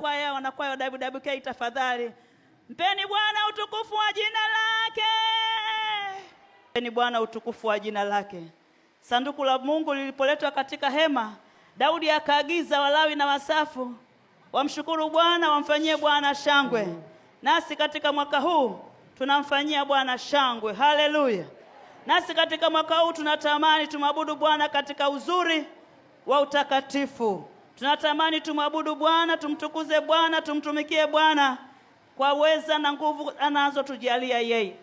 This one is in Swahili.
kwaya, wanakwaya wa WWK, tafadhali mpeni Bwana utukufu wa jina lake, mpeni Bwana utukufu wa jina lake. Sanduku la Mungu lilipoletwa katika hema, Daudi akaagiza Walawi na Wasafu wamshukuru Bwana, wamfanyie Bwana shangwe. Nasi katika mwaka huu tunamfanyia Bwana shangwe. Haleluya! Nasi katika mwaka huu tunatamani tumwabudu Bwana katika uzuri wa utakatifu. Tunatamani tumwabudu Bwana, tumtukuze Bwana, tumtumikie Bwana kwa uweza na nguvu anazotujalia yeye.